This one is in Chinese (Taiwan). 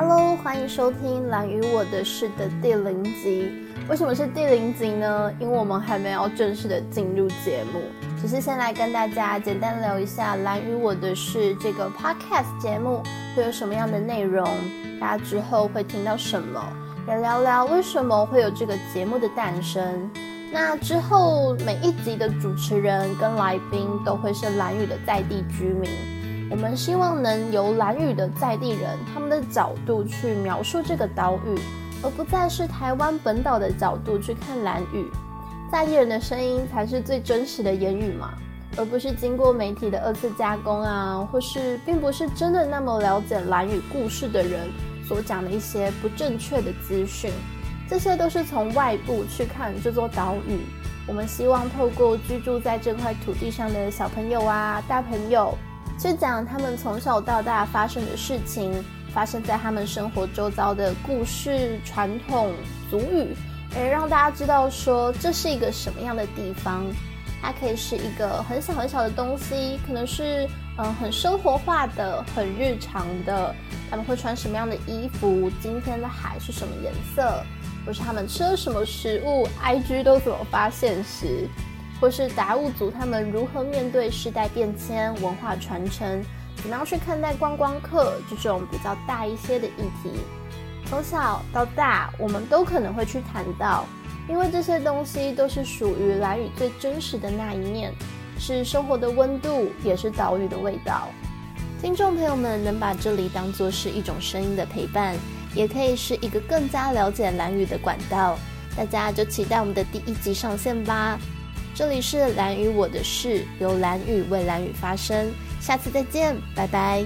Hello，歡迎收聽《蘭嶼我的事》的第零集。為什麼是第零集呢？因為我們還沒有正式的進入節目，只是先來跟大家簡單聊一下《蘭嶼我的事》這個 podcast 節目會有什麼樣的內容，大家之後會聽到什麼，也聊聊為什麼會有這個節目的誕生。那之後每一集的主持人跟來賓都會是蘭嶼的在地居民。我們希望能由蘭嶼的在地人他們的角度去描述這個島嶼，而不再是台灣本島的角度去看蘭嶼。在地人的聲音才是最真實的言語嘛，而不是經過媒體的二次加工啊，或是並不是真的那麼了解蘭嶼故事的人所講的一些不正確的資訊。這些都是從外部去看這座島嶼。我們希望透過居住在這塊土地上的小朋友啊、大朋友。是講他們從小到大發生的事情，發生在他們生活周遭的故事、傳統俗語，而讓大家知道說這是一個什麼樣的地方。它可以是一個很小很小的東西，可能是嗯很生活化的、很日常的。他們會穿什麼樣的衣服？今天的海是什麼顏色？或是他們吃了什麼食物？IG 都怎麼發現時。或是達悟族他們如何面對世代變遷、文化傳承，怎麼樣去看待觀光客這種比較大一些的議題？從小到大，我們都可能會去談到，因為這些東西都是屬於蘭嶼最真實的那一面，是生活的溫度，也是島嶼的味道。聽眾朋友們能把這裡當做是一種聲音的陪伴，也可以是一個更加了解蘭嶼的管道。大家就期待我們的第一集上線吧。這裡是蘭嶼我的事，由蘭嶼為蘭嶼發聲。下次再見，拜拜。